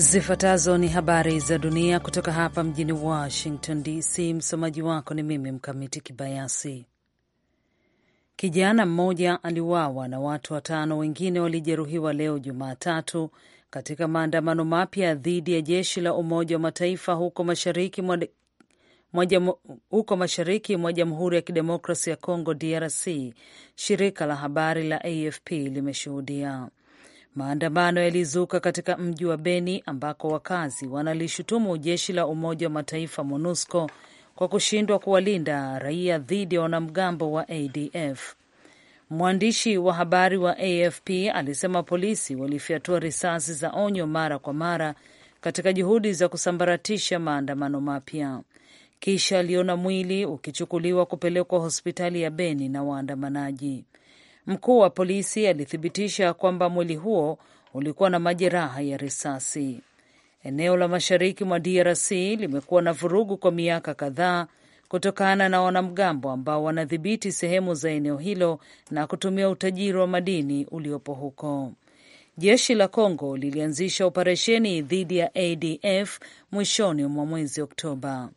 Zifuatazo ni habari za dunia kutoka hapa mjini Washington DC. Msomaji wako ni mimi Mkamiti Kibayasi. Kijana mmoja aliuawa na watu watano wengine walijeruhiwa leo Jumatatu katika maandamano mapya dhidi ya jeshi la Umoja wa Mataifa huko mashariki mwa Mwajam, huko mashariki mwa Jamhuri ya Kidemokrasi ya congo DRC, shirika la habari la AFP limeshuhudia. Maandamano yalizuka katika mji wa Beni ambako wakazi wanalishutumu jeshi la Umoja wa Mataifa MONUSCO kwa kushindwa kuwalinda raia dhidi ya wanamgambo wa ADF. Mwandishi wa habari wa AFP alisema polisi walifyatua risasi za onyo mara kwa mara katika juhudi za kusambaratisha maandamano mapya. Kisha aliona mwili ukichukuliwa kupelekwa hospitali ya Beni na waandamanaji. Mkuu wa polisi alithibitisha kwamba mwili huo ulikuwa na majeraha ya risasi. Eneo la mashariki mwa DRC limekuwa na vurugu kwa miaka kadhaa kutokana na wanamgambo ambao wanadhibiti sehemu za eneo hilo na kutumia utajiri wa madini uliopo huko. Jeshi la congo lilianzisha operesheni dhidi ya ADF mwishoni mwa mwezi Oktoba.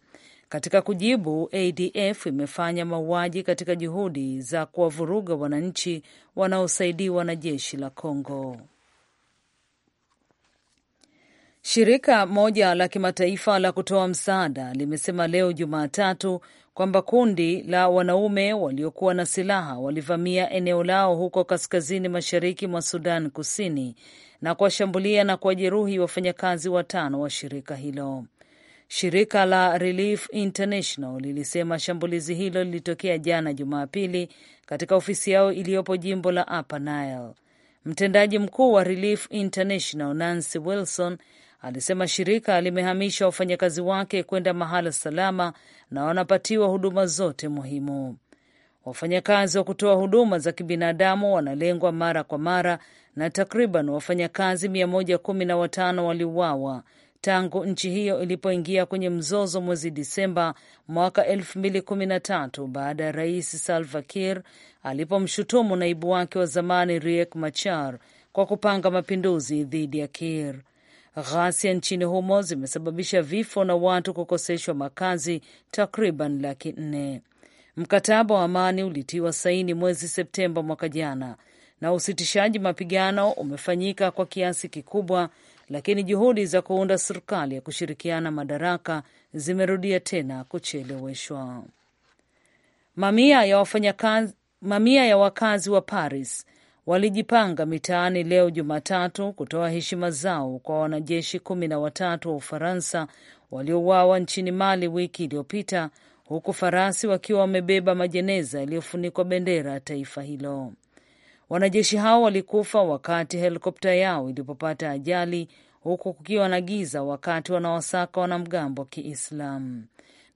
Katika kujibu, ADF imefanya mauaji katika juhudi za kuwavuruga wananchi wanaosaidiwa na jeshi la congo Shirika moja la kimataifa la kutoa msaada limesema leo Jumatatu kwamba kundi la wanaume waliokuwa na silaha walivamia eneo lao huko kaskazini mashariki mwa Sudan Kusini na kuwashambulia na kuwajeruhi wafanyakazi watano wa shirika hilo. Shirika la Relief International lilisema shambulizi hilo lilitokea jana Jumapili katika ofisi yao iliyopo jimbo la Upper Nile. Mtendaji mkuu wa Relief International Nancy Wilson alisema shirika limehamisha wafanyakazi wake kwenda mahala salama na wanapatiwa huduma zote muhimu. Wafanyakazi wa kutoa huduma za kibinadamu wanalengwa mara kwa mara na takriban wafanyakazi mia moja kumi na watano waliuawa tangu nchi hiyo ilipoingia kwenye mzozo mwezi Disemba mwaka 2013 baada ya Rais Salva Kiir alipomshutumu naibu wake wa zamani Riek Machar kwa kupanga mapinduzi dhidi ya Kiir. Ghasia nchini humo zimesababisha vifo na watu kukoseshwa makazi takriban laki nne. Mkataba wa amani ulitiwa saini mwezi Septemba mwaka jana na usitishaji mapigano umefanyika kwa kiasi kikubwa lakini juhudi za kuunda serikali ya kushirikiana madaraka zimerudia tena kucheleweshwa. Mamia ya wafanyakazi, mamia ya wakazi wa Paris walijipanga mitaani leo Jumatatu kutoa heshima zao kwa wanajeshi kumi na watatu wa Ufaransa waliouawa nchini Mali wiki iliyopita, huku farasi wakiwa wamebeba majeneza yaliyofunikwa bendera ya taifa hilo. Wanajeshi hao walikufa wakati helikopta yao ilipopata ajali huku kukiwa na giza wakati wanawasaka wanamgambo wa Kiislamu.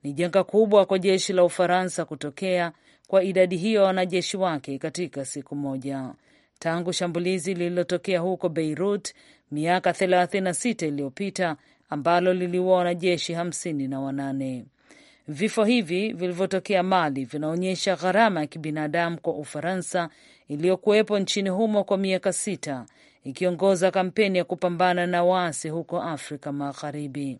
Ni janga kubwa kwa jeshi la Ufaransa kutokea kwa idadi hiyo ya wanajeshi wake katika siku moja tangu shambulizi lililotokea huko Beirut miaka 36 iliyopita ambalo liliua wanajeshi hamsini na wanane. Vifo hivi vilivyotokea Mali vinaonyesha gharama ya kibinadamu kwa Ufaransa iliyokuwepo nchini humo kwa miaka sita ikiongoza kampeni ya kupambana na waasi huko Afrika Magharibi.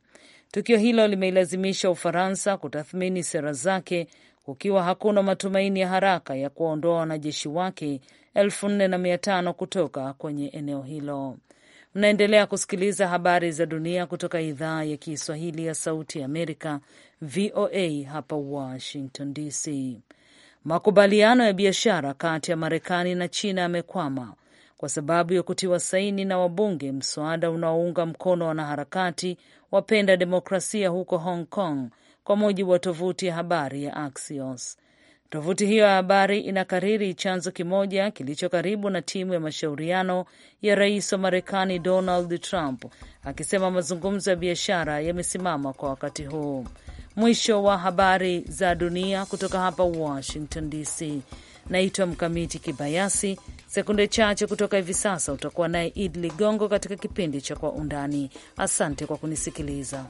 Tukio hilo limeilazimisha Ufaransa kutathmini sera zake kukiwa hakuna matumaini ya haraka ya kuwaondoa wanajeshi wake elfu nne na mia tano kutoka kwenye eneo hilo. Mnaendelea kusikiliza habari za dunia kutoka idhaa ya Kiswahili ya Sauti Amerika, VOA hapa Washington DC. Makubaliano ya biashara kati ya Marekani na China yamekwama kwa sababu ya kutiwa saini na wabunge mswada unaounga mkono wanaharakati wapenda demokrasia huko Hong Kong, kwa mujibu wa tovuti ya habari ya Axios. Tovuti hiyo ya habari inakariri chanzo kimoja kilicho karibu na timu ya mashauriano ya rais wa Marekani Donald Trump akisema mazungumzo ya biashara yamesimama kwa wakati huu. Mwisho wa habari za dunia kutoka hapa Washington DC. Naitwa Mkamiti Kibayasi. Sekunde chache kutoka hivi sasa utakuwa naye Id Ligongo katika kipindi cha Kwa Undani. Asante kwa kunisikiliza.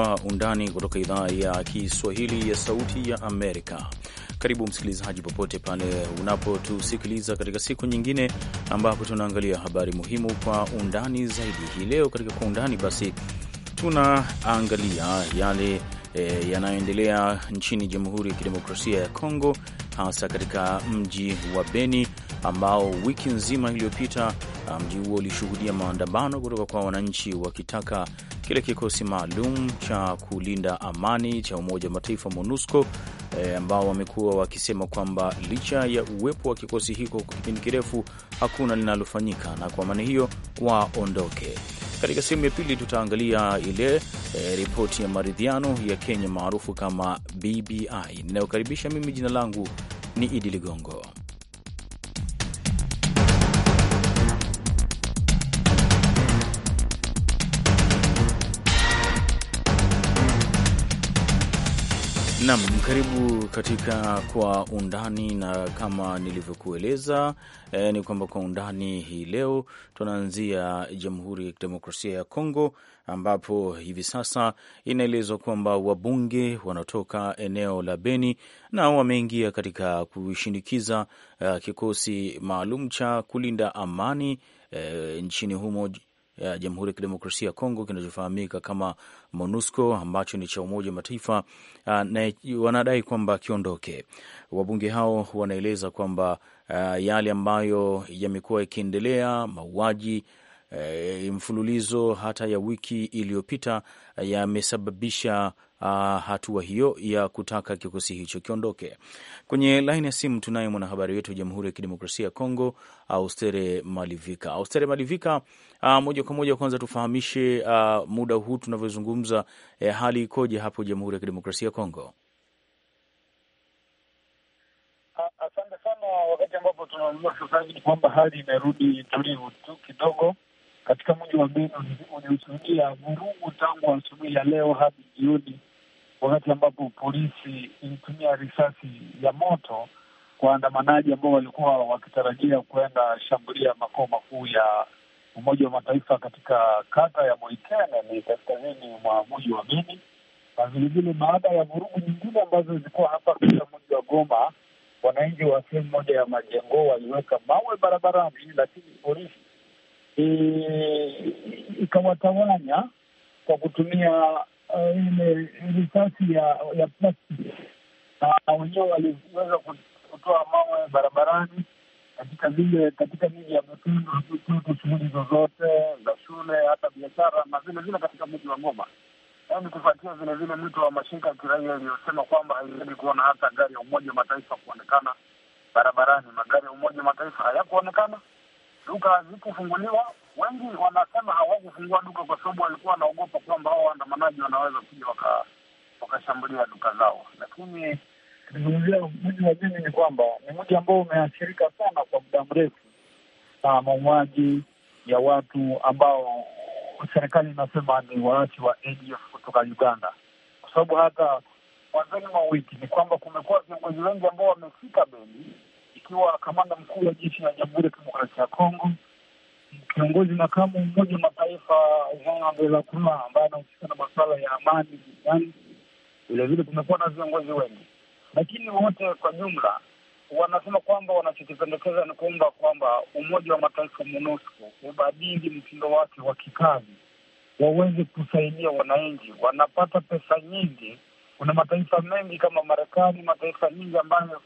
Kwa Undani kutoka idhaa ya Kiswahili ya Sauti ya Amerika. Karibu msikilizaji, popote pale unapotusikiliza katika siku nyingine ambapo tunaangalia habari muhimu kwa undani zaidi. Hii leo katika Kwa Undani basi tunaangalia yale e, yanayoendelea nchini Jamhuri ya Kidemokrasia ya Kongo, hasa katika mji wa Beni ambao wiki nzima iliyopita Mji huo ulishuhudia maandamano kutoka kwa wananchi wakitaka kile kikosi maalum cha kulinda amani cha Umoja wa Mataifa MONUSCO eh, ambao wamekuwa wakisema kwamba licha ya uwepo wa kikosi hiko kwa kipindi kirefu hakuna linalofanyika, na kwa maana hiyo waondoke. Katika sehemu ya pili tutaangalia ile e, ripoti ya maridhiano ya Kenya maarufu kama BBI. Ninayokaribisha mimi, jina langu ni Idi Ligongo. Nam, karibu katika Kwa Undani, na kama nilivyokueleza eh, ni kwamba Kwa Undani hii leo tunaanzia Jamhuri ya Kidemokrasia ya Kongo, ambapo hivi sasa inaelezwa kwamba wabunge wanatoka eneo la Beni na wameingia katika kushinikiza eh, kikosi maalum cha kulinda amani eh, nchini humo ya Jamhuri ya Kidemokrasia ya Kongo kinachofahamika kama MONUSCO ambacho ni cha Umoja wa Mataifa uh, na wanadai kwamba kiondoke. Wabunge hao wanaeleza kwamba uh, yale ambayo yamekuwa yakiendelea, mauaji e, mfululizo hata ya wiki iliyopita eh, yamesababisha uh, hatua hiyo ya kutaka kikosi hicho kiondoke. Kwenye laini ya simu tunaye mwanahabari wetu wa Jamhuri ya Kidemokrasia ya Kongo, Austere Malivika. Austere Malivika, uh, moja kwa moja, kwanza tufahamishe uh, muda huu tunavyozungumza, eh, hali ikoje hapo Jamhuri ya Kidemokrasia ya Kongo? Asante sana. Wakati ambapo tunaambiwa sasa hivi kwamba hali imerudi tulivu tu kidogo katika mji wa Beni ulioshuhudia vurugu tangu asubuhi ya leo hadi jioni, wakati ambapo polisi ilitumia risasi ya moto kwa waandamanaji ambao walikuwa wakitarajia kuenda shambulia makao makuu ya Umoja wa Mataifa katika kata ya moikene ni kaskazini mwa mji wa Beni, na vilevile baada ya vurugu nyingine ambazo zilikuwa hapa katika mji wa Goma, wananchi wa sehemu moja ya majengo waliweka mawe barabarani, lakini polisi ikawatawanya kwa kutumia eh, ile risasi ya ya plastiki, na wenyewe waliweza kutoa mawe barabarani katika vile katika miji ya Butundu, tu shughuli zozote za shule, hata biashara na vile vile katika mji wa Goma. Yaani kufuatia vile vile mwito wa mashirika ya kiraia iliyosema kwamba haiwezi kuona hata gari ya Umoja wa Mataifa kuonekana barabarani. Magari ya Umoja wa Mataifa hayakuonekana duka hazikufunguliwa. Wengi wanasema hawakufungua duka kwa sababu walikuwa wanaogopa kwamba hao waandamanaji wanaweza kuja wakashambulia duka zao, lakini kizungumzia mji wa jini ni kwamba ni mji ambao umeathirika sana kwa muda mrefu na mauaji ya watu ambao serikali inasema ni waasi wa ADF kutoka Uganda, kwa sababu hata mwanzoni mwa wiki ni kwamba kumekuwa viongozi wengi ambao wamefika Beni akiwa kamanda mkuu wa jeshi la Jamhuri ya Kidemokrasia ya Kongo, kiongozi makamu Umoja wa Mataifa Jean Delacroix ambaye anahusika na masuala ya amani duniani. Vilevile kumekuwa na viongozi wengi, lakini wote kwa jumla wanasema kwamba wanachokipendekeza ni kuomba kwamba Umoja wa Mataifa MONUSCO ubadili mtindo wake wa kikazi, waweze kusaidia wananchi. Wanapata pesa nyingi. Kuna mataifa mengi kama Marekani, mataifa nyingi ambayo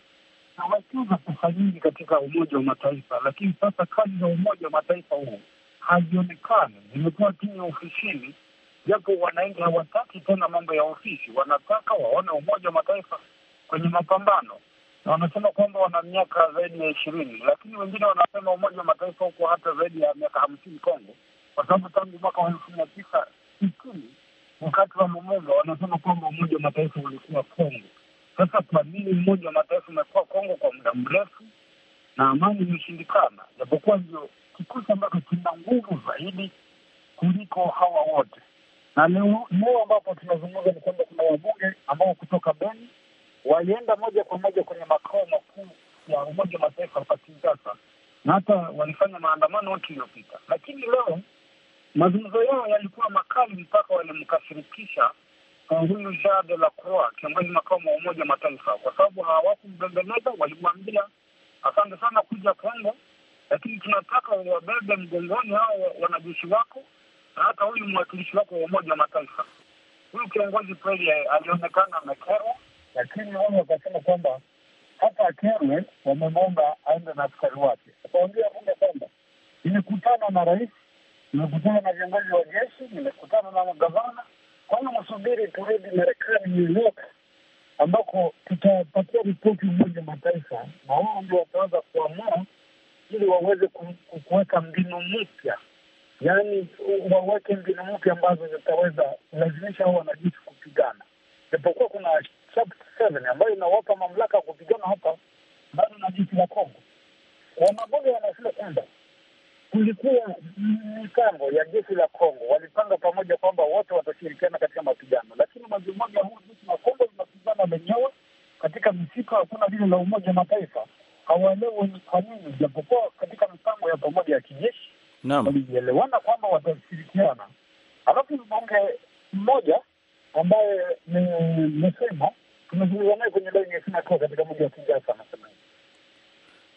nawekeza pesa nyingi katika Umoja wa Mataifa, lakini sasa kazi za Umoja wa Mataifa huu hazionekani, zimekuwa tu ofisini, japo wananchi hawataki tena mambo ya ofisi, wanataka waone Umoja wa Mataifa kwenye mapambano, na wanasema kwamba wana miaka zaidi ya ishirini, lakini wengine wanasema Umoja wa Mataifa huko hata zaidi ya miaka hamsini Kongo, kwa sababu tangu mwaka wa elfu mia tisa sitini wakati wa Lumumba wanasema kwamba Umoja wa Mataifa ulikuwa Kongo. Sasa kwa nini mmoja wa Mataifa umekuwa Kongo kwa muda mrefu na amani imeshindikana, japokuwa ndio kikosi ambacho kina nguvu zaidi kuliko hawa wote. Na leo ambapo tunazungumza ni kwamba kuna wabunge ambao kutoka Beni walienda moja kwa moja kwenye makao makuu ya Umoja wa Mataifa hapa Kinshasa, na hata walifanya maandamano wiki iliyopita, lakini leo mazungumzo yao yalikuwa makali mpaka walimkasirikisha huyu la Delacroix, kiongozi makao wa Umoja Mataifa, kwa sababu hawakumbembeleza. Walimwambia asante sana kuja Kongo, lakini tunataka wabebe mgongoni hao wanajeshi wako na hata huyu mwakilishi wako wa Umoja Mataifa. Huyu kiongozi kweli eh, alionekana amekerwa, lakini wao wakasema kwamba hata akerwe, wamemwomba aende na askari wake. Akaongea bunge kwamba nimekutana na rais, nimekutana na viongozi wa jeshi, nimekutana na magavana kwa hiyo turudi Marekani, New York, ambako tutapatia ripoti Umoja Mataifa na wao ndio wataweza kuamua ili waweze kuweka mbinu mpya, yaani waweke mbinu mpya ambazo zitaweza kulazimisha hao wanajeshi kupigana, japokuwa kuna chapter ambayo inawapa mamlaka ya kupigana hapa bado na jeshi la Kongo. Wamaboga wanasema kwamba kulikuwa mipango ya jeshi la Kongo, walipanga pamoja kwamba wote watashirikiana katika mapigano, lakini mwezi mmoja huu sisi na Kongo tunapigana katika misitu, hakuna lile la Umoja Mataifa, hawaelewi ni kwa nini, japokuwa katika mipango ya pamoja ya kijeshi walielewana kwamba watashirikiana. Alafu mbunge mmoja ambaye ni Msema tumezungumza naye kwenye laini ya simu akiwa katika mji wa Kinshasa anasema hivi.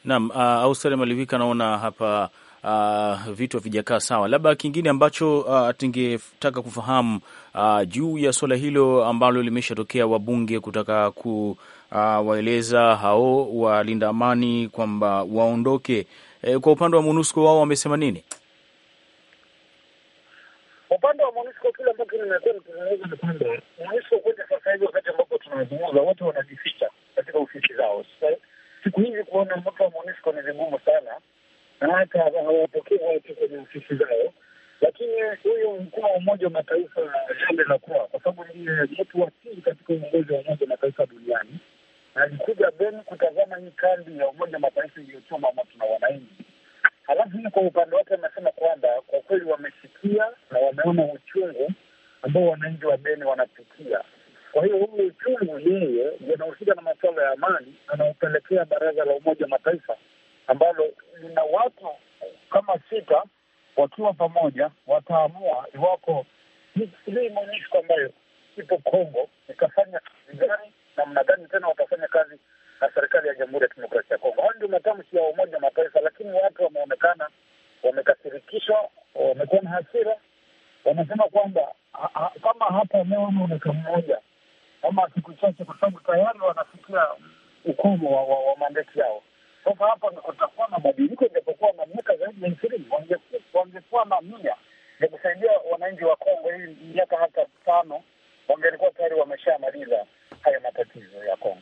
Naam, uh, Austeri Malivika, naona hapa uh, vitu havijakaa sawa. Labda kingine ambacho uh, tingetaka kufahamu uh, juu ya suala hilo ambalo limeshatokea, wabunge kutaka kuwaeleza uh, hao walinda amani kwamba waondoke. E, kwa upande wa MONUSCO wao wamesema nini? Upande wa MONUSCO, kile ambacho nimekuwa nikizungumza ni kwamba MONUSCO kwenda sasa hivi, wakati ambapo tunazungumza, wote wanajificha katika ofisi zao. Siku hizi kuona mtu wa MONUSCO ni vigumu sana hata hawapokee watu kwenye ofisi zao. Lakini huyu mkuu wa Umoja wa Mataifa Jean Delacroix, kwa sababu ndiye mtu wa pili katika uongozi wa Umoja wa Mataifa duniani, alikuja Beni kutazama hii kambi ya Umoja wa Mataifa iliyochoma moto na wananchi. Halafu hii kwa upande wake amesema kwamba kwa kweli wamesikia na wameona uchungu ambao wananchi wa Beni wanapitia. Kwa hiyo huyu uchungu yeye yanahusika na masuala ya amani, anaopelekea baraza la Umoja wa Mataifa ambalo lina watu kama sita wakiwa pamoja wataamua iwapo hii MONUSCO ambayo ipo Kongo itafanya kazi gani, namna gani tena watafanya kazi na serikali ya Jamhuri ya Kidemokrasia ya Kongo. Hayo ndio matamshi ya Umoja wa Mataifa, lakini watu wameonekana wamekasirikishwa, wamekuwa na hasira. Wanasema kwamba kama hapa leo ama mwaka mmoja ama siku chache, kwa sababu tayari wanafikia ukomo wa, wa, wa mandeti yao sasa hapa watakuwa na mabadiliko, ijapokuwa mamlaka zaidi ya ishirini wangekuwa na mia ya kusaidia wananchi wa Kongo, hii miaka hata tano wangelikuwa tayari wameshamaliza haya matatizo ya Kongo.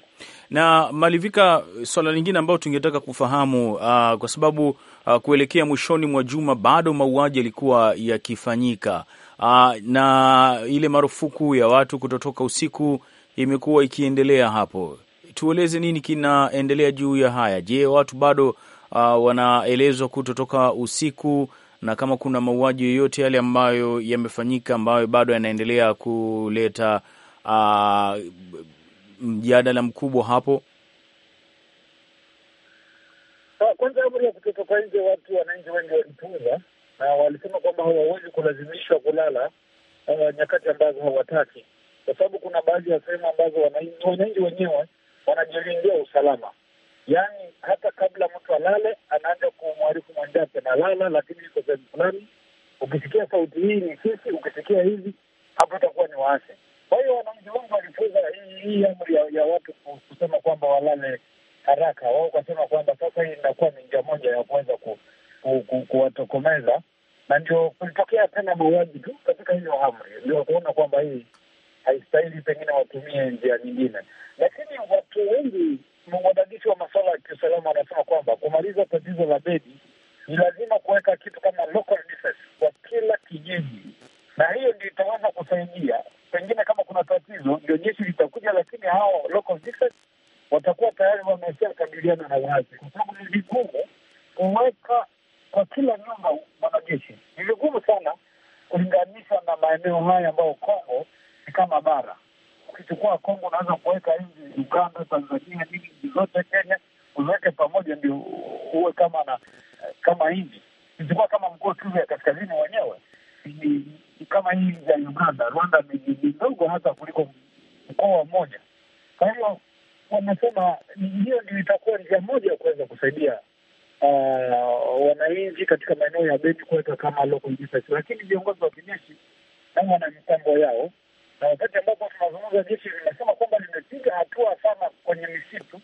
Na Malivika, swala lingine ambayo tungetaka kufahamu uh, kwa sababu uh, kuelekea mwishoni mwa juma bado mauaji yalikuwa yakifanyika uh, na ile marufuku ya watu kutotoka usiku imekuwa ikiendelea hapo tueleze nini kinaendelea juu ya haya. Je, watu bado uh, wanaelezwa kutotoka usiku na kama kuna mauaji yoyote yale ambayo yamefanyika ambayo bado yanaendelea kuleta uh, mjadala mkubwa hapo. Ah, kwanza, amri ya kutotoka nje, watu wananchi wengi walipuuza na walisema kwamba hawawezi kulazimishwa kulala uh, nyakati ambazo hawataki, kwa sababu kuna baadhi ya sehemu ambazo wananchi wenyewe wanajilindia usalama, yaani hata kabla mtu alale anaanza kumwarifu mwenzake nalala, lakini iko sehemu fulani, ukisikia sauti hii ni sisi, ukisikia hivi hapo itakuwa ni waasi. Kwa hiyo wananchi wengi walifuza hii amri ya, ya watu kusema kwamba walale haraka, wao ukasema kwamba sasa hii inakuwa ni njia moja ya kuweza ku, ku, ku, kuwatokomeza, na ndio kulitokea tena mauaji tu katika hiyo amri, ndio kuona kwamba hii haistahili pengine watumie njia nyingine, lakini watu wengi, wadadisi wa masuala ya kiusalama, wanasema kwamba kumaliza tatizo la bedi ni lazima kuweka kitu kama local defense kwa kila kijiji, na hiyo ndio itaweza kusaidia. Pengine kama kuna tatizo, ndio jeshi litakuja, lakini hao local defense watakuwa tayari wamesha kabiliana na wazi kwa sababu ni vigumu kuweka kwa kila nyumba wanajeshi. Ni vigumu sana kulinganisha na maeneo haya ambayo Kongo kama bara. Ukichukua Kongo unaweza kuweka nchi Uganda, Tanzania, nini nchi zote, Kenya, uziweke pamoja ndio uwe kama na kama nchi. Ukichukua kama mkoa Kivu ya kaskazini wenyewe ni kama hii ya Uganda, Rwanda ni ndogo hata kuliko mkoa mmoja. Kwa hiyo wamesema hiyo ndio itakuwa njia moja ya kuweza kusaidia uh, wananchi katika maeneo ya Beni kuweka kama local, lakini viongozi wa kijeshi nao wana mipango yao na wakati ambapo tunazungumza, jeshi limesema kwamba limepiga hatua sana kwenye misitu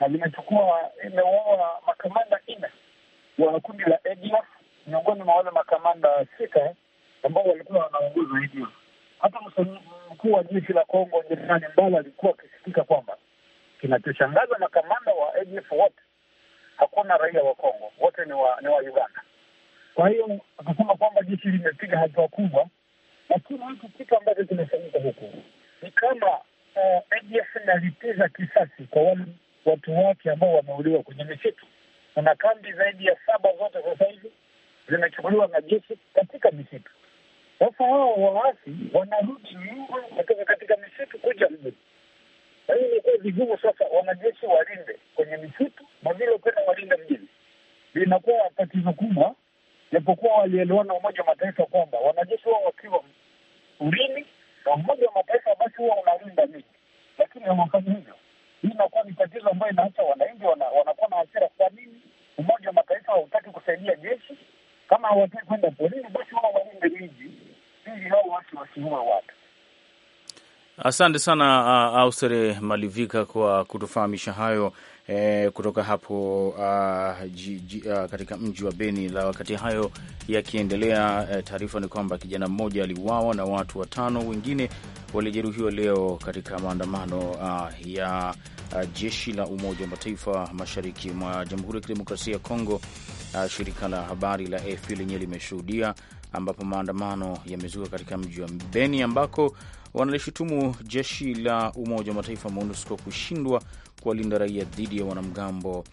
na limechukua, imeua makamanda nne wa kundi la ADF miongoni mwa wale makamanda sita ambao walikuwa wanaongoza ADF. Hata mkuu wa jeshi la Kongo Jenerali Mbala alikuwa akisikika kwamba kinachoshangaza makamanda wa ADF wote hakuna raia wa Kongo, wote ni wa, ni wa Uganda. Kwa hiyo akasema kwamba jeshi limepiga hatua kubwa lakini hiki kitu ambacho kimefanyika huku ni kama ADF eh, inalipiza kisasi kwa wale watu wake ambao wameuliwa kwenye misitu. Kuna kambi zaidi ya saba zote sasa hivi zimechukuliwa na jeshi katika misitu. Sasa hao waasi wanarudi nyuma kutoka katika misitu kuja mji. Kwa hiyo imekuwa vigumu sasa wanajeshi walinde kwenye misitu na vile tena walinde mjini, linakuwa tatizo kubwa japokuwa walielewana Umoja wa Mataifa kwamba wanajeshi wao wakiwa porini na Umoja wa Mataifa basi huwa unalinda miji, lakini hawafanyi hivyo. Hii inakuwa ni tatizo ambayo inaacha wananchi wanakuwa na hasira. Kwa nini Umoja wa Mataifa hautaki kusaidia jeshi? Kama hawataki kwenda porini, basi wao walinde miji ili hao watu wasiue watu. Asante sana uh, Austere Malivika kwa kutufahamisha hayo eh, kutoka hapo uh, ah, j, j, uh, ah, katika mji wa Beni. La wakati hayo yakiendelea, eh, taarifa ni kwamba kijana mmoja aliuawa na watu watano wengine walijeruhiwa leo katika maandamano uh, ya uh, jeshi la Umoja wa Mataifa mashariki mwa Jamhuri ya Kidemokrasia ya Kongo. Uh, shirika la habari la AFP lenyewe limeshuhudia ambapo maandamano yamezuka katika mji wa Beni ambako wanalishutumu jeshi la Umoja wa Mataifa MONUSCO kushindwa kuwalinda raia dhidi ya wanamgambo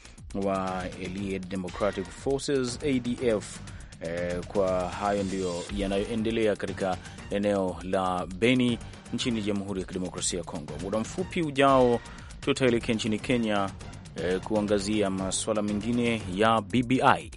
wa Allied Democratic Forces ADF. E, eh, kwa hayo ndiyo yanayoendelea katika eneo la Beni nchini Jamhuri ya Kidemokrasia ya Kongo. Muda mfupi ujao tutaelekea nchini Kenya e, kuangazia masuala mengine ya BBI.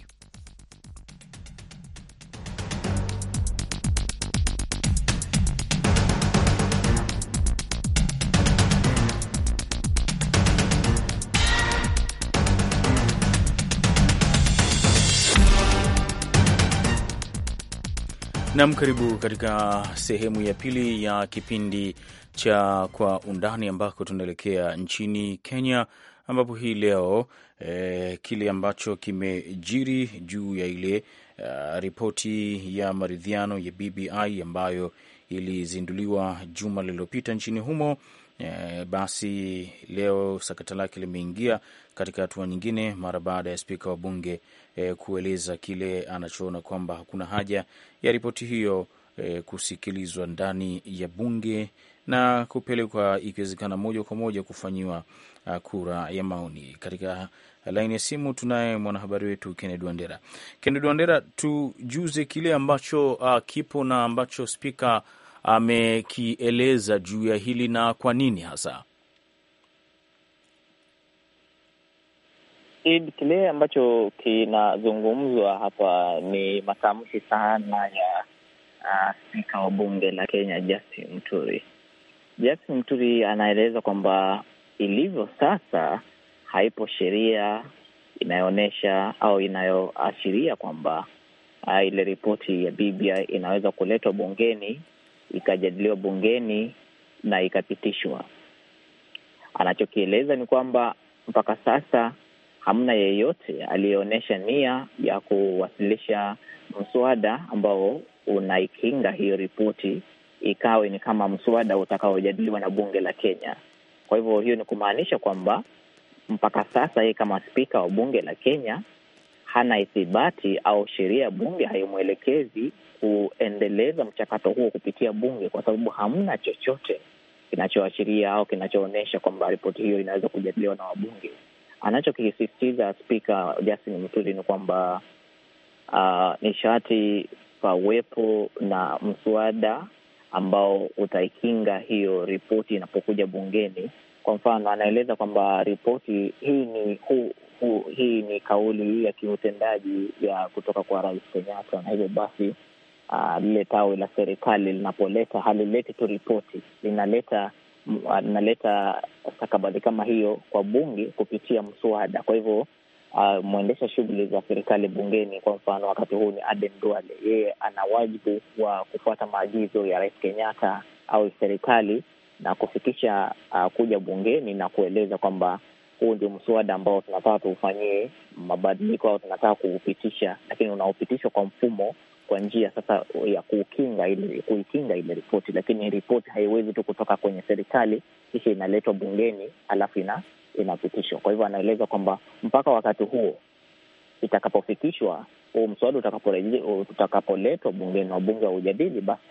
Nam, karibu katika sehemu ya pili ya kipindi cha Kwa Undani, ambako tunaelekea nchini Kenya, ambapo hii leo eh, kile ambacho kimejiri juu ya ile uh, ripoti ya maridhiano ya BBI ambayo ilizinduliwa juma lililopita nchini humo. E, basi leo sakata lake limeingia katika hatua nyingine mara baada ya spika wa bunge e, kueleza kile anachoona kwamba hakuna haja ya ripoti hiyo e, kusikilizwa ndani ya bunge na kupelekwa ikiwezekana moja kwa moja kufanyiwa ah, kura ya maoni. Katika laini ya simu tunaye mwanahabari wetu Kennedy Wandera. Kennedy Wandera, tujuze kile ambacho uh, kipo na ambacho spika amekieleza juu ya hili na kwa nini hasa Id, kile ambacho kinazungumzwa hapa ni matamshi sana ya uh, spika wa bunge la Kenya Justin Muturi. Justin Muturi anaeleza kwamba ilivyo sasa haipo sheria inayoonyesha au inayoashiria kwamba uh, ile ripoti ya BBI inaweza kuletwa bungeni ikajadiliwa bungeni na ikapitishwa. Anachokieleza ni kwamba mpaka sasa hamna yeyote aliyeonyesha nia ya kuwasilisha mswada ambao unaikinga hiyo ripoti ikawe ni kama mswada utakaojadiliwa na bunge la Kenya. Kwa hivyo hiyo ni kumaanisha kwamba mpaka sasa yeye kama spika wa bunge la Kenya hana ithibati au sheria ya bunge haimwelekezi kuendeleza mchakato huo kupitia bunge, kwa sababu hamna chochote kinachoashiria au kinachoonyesha kwamba ripoti hiyo inaweza kujadiliwa na wabunge. Anachokisisitiza Spika Justin Muturi ni kwamba uh, nishati pawepo na mswada ambao utaikinga hiyo ripoti inapokuja bungeni. Kwa mfano, anaeleza kwamba ripoti hii ni hu, hu, hii ni kauli ya kiutendaji ya kutoka kwa Rais Kenyatta, na hivyo basi uh, lile tawi la serikali linapoleta halileti tu ripoti, linaleta analeta stakabadhi kama hiyo kwa bunge kupitia mswada. Kwa hivyo uh, mwendesha shughuli za serikali bungeni, kwa mfano wakati huu ni Aden Duale, yeye ana wajibu wa kufuata maagizo ya Rais Kenyatta au serikali na kufikisha uh, kuja bungeni na kueleza kwamba huu ndio mswada ambao tunataka tuufanyie mabadiliko au tunataka kuupitisha, lakini unaopitishwa kwa mfumo kwa njia sasa ya kukinga ile kuikinga ile ripoti, lakini ripoti haiwezi tu kutoka kwenye serikali kisha inaletwa bungeni alafu ina inapitishwa. Kwa hivyo anaeleza kwamba mpaka wakati huo itakapofikishwa huu mswada utakapoletwa bungeni na wabunge waujadili, basi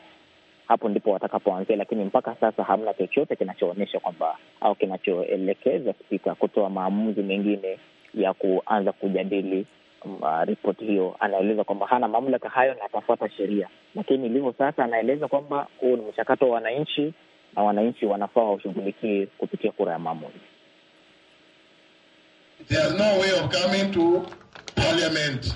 hapo ndipo watakapoanzia, lakini mpaka sasa hamna chochote kinachoonyesha kwamba au kinachoelekeza spika kutoa maamuzi mengine ya kuanza kujadili uh, ripoti hiyo, anaeleza kwamba hana mamlaka hayo na atafuata sheria, lakini ilivyo sasa, anaeleza kwamba huu ni mchakato wa wananchi na wananchi wanafaa waushughulikie kupitia kura ya maamuzi. no way of coming to parliament.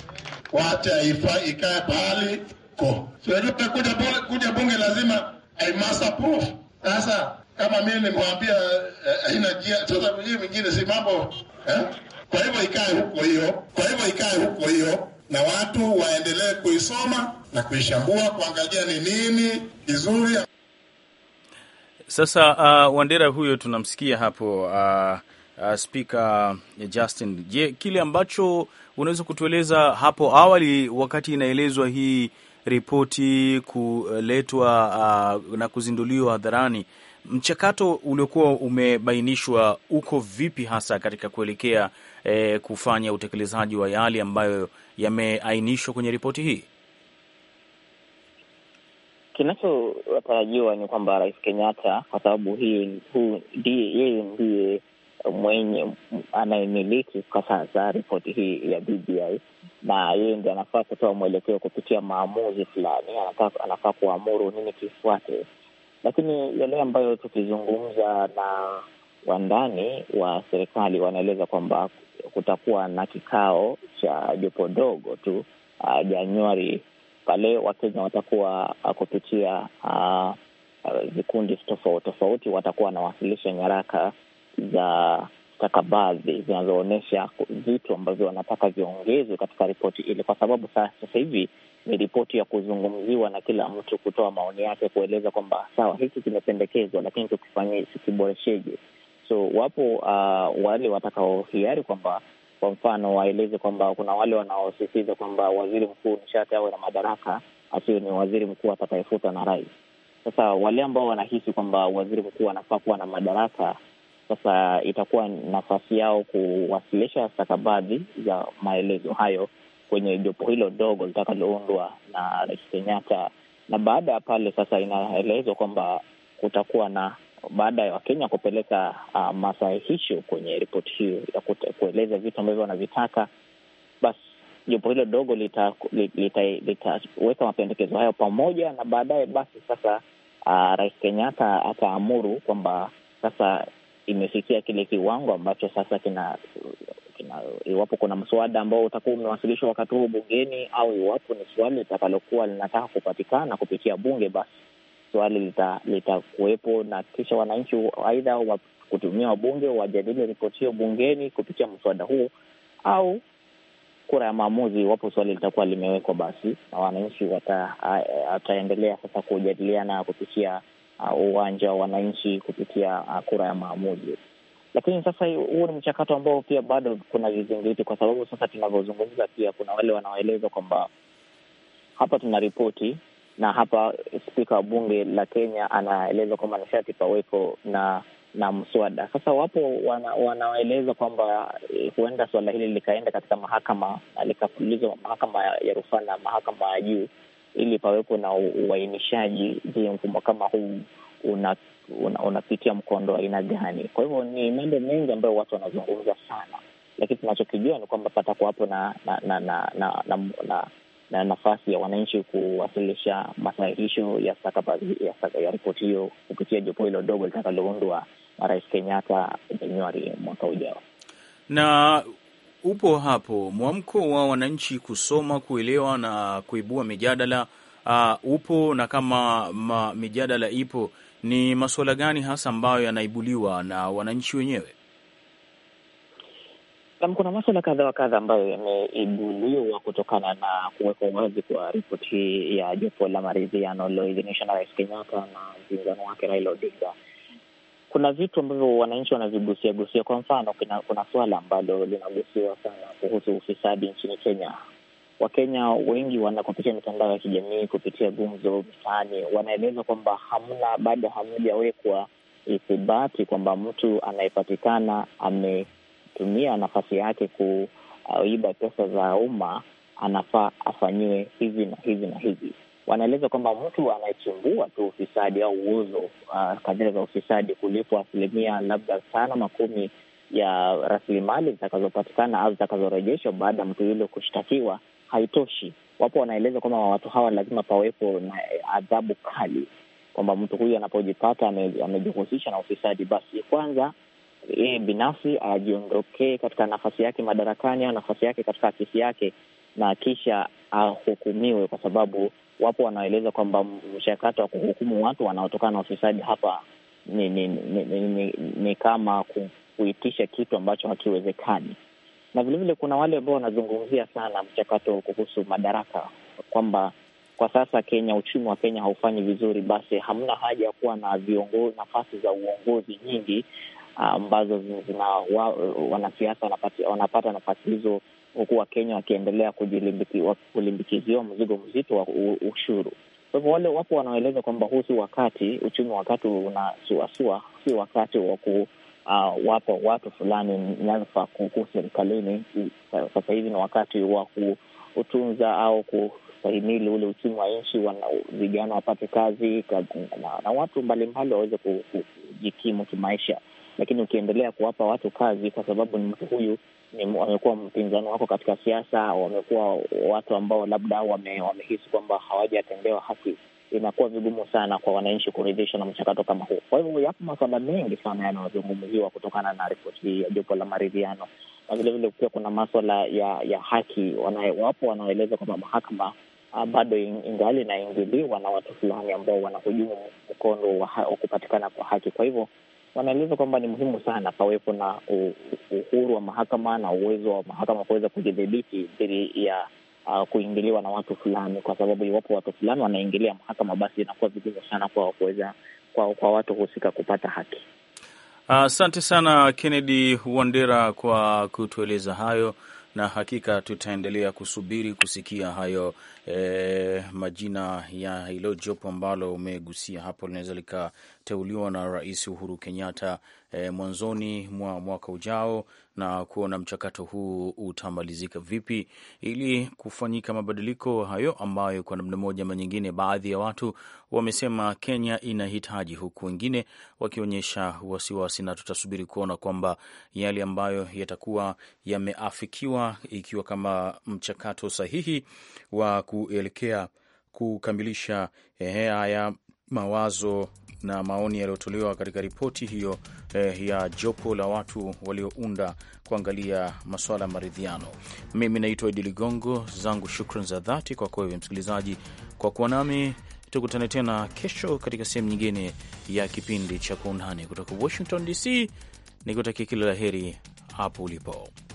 Wacha ifa ikae ko. kuja kuja bunge lazima I must approve. Sasa kama mimi nimwambia eh, eh, haina njia, sasa si mambo eh? Kwa hivyo ikae huko hiyo, kwa hivyo ikae huko hiyo, na watu waendelee kuisoma na kuishambua, kuangalia ni nini kizuri. Sasa uh, Wandera huyo tunamsikia hapo uh, uh, Spika Justin. Je, kile ambacho unaweza kutueleza hapo awali wakati inaelezwa hii ripoti kuletwa uh, na kuzinduliwa hadharani, mchakato uliokuwa umebainishwa uko vipi hasa katika kuelekea e, kufanya utekelezaji wa yale ambayo yameainishwa kwenye ripoti hii? Kinachotarajiwa ni kwamba Rais Kenyatta, kwa sababu hii yeye ndiye mwenye anayemiliki kwa sasa ripoti hii ya BBI na yeye ndi anafaa kutoa mwelekeo kupitia maamuzi fulani, anafaa kuamuru nini kifuate. Lakini yale ambayo tukizungumza na wa ndani wa serikali wanaeleza kwamba kutakuwa na kikao cha jopo dogo tu uh, ah, Januari pale Wakenya watakuwa uh, kupitia ah, vikundi uh, uh, tofauti tofauti watakuwa wanawasilisha nyaraka za stakabadhi zinazoonyesha vitu ambavyo wanataka viongezwe katika ripoti ile, kwa sababu sasa hivi ni ripoti ya kuzungumziwa na kila mtu kutoa maoni yake, kueleza kwamba sawa, hiki kimependekezwa, lakini tukifanye, tukiboresheje? So wapo uh, wale watakaohiari kwamba kwa mfano waeleze kwamba kuna wale wanaosisitiza kwamba waziri mkuu nishati awe na madaraka, asiwe ni waziri mkuu atakayefuta na rais. Sasa wale ambao wanahisi kwamba waziri mkuu anafaa kuwa na madaraka, sasa itakuwa nafasi yao kuwasilisha stakabadhi za maelezo hayo kwenye jopo hilo dogo litakaloundwa na rais Kenyatta, na baada ya pale sasa inaelezwa kwamba kutakuwa na baada ya Wakenya kupeleka uh, masahihisho kwenye ripoti hiyo ya kueleza vitu ambavyo wanavitaka, basi jopo hilo dogo litaweka lita, lita, lita mapendekezo hayo pamoja na baadaye, basi sasa uh, Rais Kenyatta ataamuru kwamba sasa imefikia kile kiwango ambacho sasa kina, kina iwapo kuna mswada ambao utakuwa umewasilishwa wakati huu bungeni au iwapo ni swali litakalokuwa linataka kupatikana kupitia bunge, basi swali litakuwepo lita na kisha wananchi aidha wa kutumia wabunge wajadili ripoti hiyo bungeni kupitia mswada huo au kura ya maamuzi. Iwapo swali litakuwa limewekwa, basi na wananchi wataendelea sasa kujadiliana kupitia uwanja wa wananchi kupitia kura ya maamuzi. Lakini sasa huo ni mchakato ambao pia bado kuna vizingiti, kwa sababu sasa tunavyozungumza, pia kuna wale wanaoeleza kwamba hapa tuna ripoti na hapa spika wa bunge la Kenya anaeleza kwamba nishati paweko pawepo na na mswada. Sasa wapo wanaeleza kwamba eh, huenda suala hili likaenda katika mahakama na likafululizwa mahakama ya rufaa na mahakama ya juu ili pawepo na uainishaji. Je, mfumo kama huu unapitia una, una mkondo wa aina gani? Kwa hivyo ni mambo mengi ambayo watu wanazungumza sana, lakini tunachokijua ni kwamba patakuwapo na na na na, na, na, na na nafasi ya wananchi kuwasilisha masahihisho ya stakabadhi ya ripoti hiyo kupitia jopo hilo dogo litakaloundwa na Rais Kenyatta Januari mwaka ujao. Na upo hapo mwamko wa wananchi kusoma, kuelewa na kuibua mijadala uh, upo na kama ma, mijadala ipo, ni masuala gani hasa ambayo yanaibuliwa na wananchi wenyewe? Nam, kuna maswala kadha wa kadha ambayo yameibuliwa kutokana na kuwekwa wazi kwa ripoti ya jopo la maridhiano liloidhinishwa na Rais Kenyatta na mpinzani wake Raila Odinga. Kuna vitu ambavyo wananchi wanavigusia gusia. Kwa mfano, kuna, kuna swala ambalo linagusiwa sana kuhusu ufisadi nchini Kenya. Wakenya wengi wana kupitia mitandao ya kijamii, kupitia gumzo mtaani, wanaeleza kwamba hamna, bado hamjawekwa ithibati kwamba mtu anayepatikana ame anatumia nafasi yake kuiba pesa za umma anafaa afanyiwe hivi na hivi na hivi. Wanaeleza kwamba mtu anayechimbua tu ufisadi au uozo uh, kadhira za ufisadi kulipwa asilimia labda tano makumi ya rasilimali zitakazopatikana au zitakazorejeshwa baada ya mtu yule kushtakiwa haitoshi. Wapo wanaeleza kwamba watu hawa lazima pawepo na adhabu kali, kwamba mtu huyu anapojipata amejihusisha na ufisadi, basi kwanza yeye binafsi ajiondokee katika nafasi yake madarakani au nafasi yake katika afisi yake, na kisha ahukumiwe, kwa sababu wapo wanaoeleza kwamba mchakato wa kuhukumu watu wanaotokana na ufisadi hapa ni ni, ni, ni, ni, ni kama kuitisha kitu ambacho hakiwezekani. Na vilevile kuna wale ambao wanazungumzia sana mchakato kuhusu madaraka kwamba kwa sasa Kenya, uchumi wa Kenya haufanyi vizuri, basi hamna haja ya kuwa na viongozi, nafasi za uongozi nyingi, ambazo zina wa, wanasiasa wanapata nafasi hizo huku Wakenya wakiendelea kulimbikiziwa mzigo mzito wa ushuru. Kwa hivyo wale wapo wanaoeleza kwamba huu si wakati, uchumi wakati unasuasua, si wakati wa ku Uh, wapo watu fulani nyadhifa kuu serikalini. Sasa hivi ni wakati wa kutunza au kustahimili ule uchumi wa nchi, vijana wapate kazi na, na watu mbalimbali waweze kujikimu kimaisha lakini ukiendelea kuwapa watu kazi, kwa sababu ni mtu huyu wamekuwa mpinzani wako katika siasa, wamekuwa watu ambao labda wame, wamehisi kwamba hawajatendewa haki, inakuwa vigumu sana kwa wananchi kuridhishwa na mchakato kama huu. Kwa hivyo yapo masuala mengi sana yanayozungumziwa kutokana na ripoti hii ya jopo la maridhiano, na vilevile pia kuna maswala ya ya haki. Wapo wanaoeleza kwamba mahakama ah, bado ingali inaingiliwa na watu fulani ambao wanahujumu mkondo wa kupatikana kwa haki. Kwa hivyo wanaeleza kwamba ni muhimu sana pawepo na uhuru wa mahakama na uwezo wa mahakama kuweza kujidhibiti dhidi ya uh, kuingiliwa na watu fulani, kwa sababu iwapo watu fulani wanaingilia mahakama, basi inakuwa vigumu sana kwa kuweza kwa, kwa watu husika kupata haki. Asante uh, sana Kennedy Wandera kwa kutueleza hayo na hakika tutaendelea kusubiri kusikia hayo e, majina ya hilo jopo ambalo umegusia hapo linaweza likateuliwa na Rais Uhuru Kenyatta e, mwanzoni mwa mwaka ujao na kuona mchakato huu utamalizika vipi ili kufanyika mabadiliko hayo ambayo kwa namna moja ama nyingine baadhi ya watu wamesema Kenya inahitaji, huku wengine wakionyesha wasiwasi, na tutasubiri kuona kwamba yale ambayo yatakuwa yameafikiwa, ikiwa kama mchakato sahihi wa kuelekea kukamilisha eh, haya mawazo na maoni yaliyotolewa katika ripoti hiyo eh, ya jopo la watu waliounda kuangalia masuala ya maridhiano. Mimi naitwa Idi Ligongo, zangu shukran za dhati kwako wewe msikilizaji kwa kuwa nami. Tukutane tena kesho katika sehemu nyingine ya kipindi cha Kwa Undani kutoka Washington DC. Nikutakia kila la heri hapo ulipo.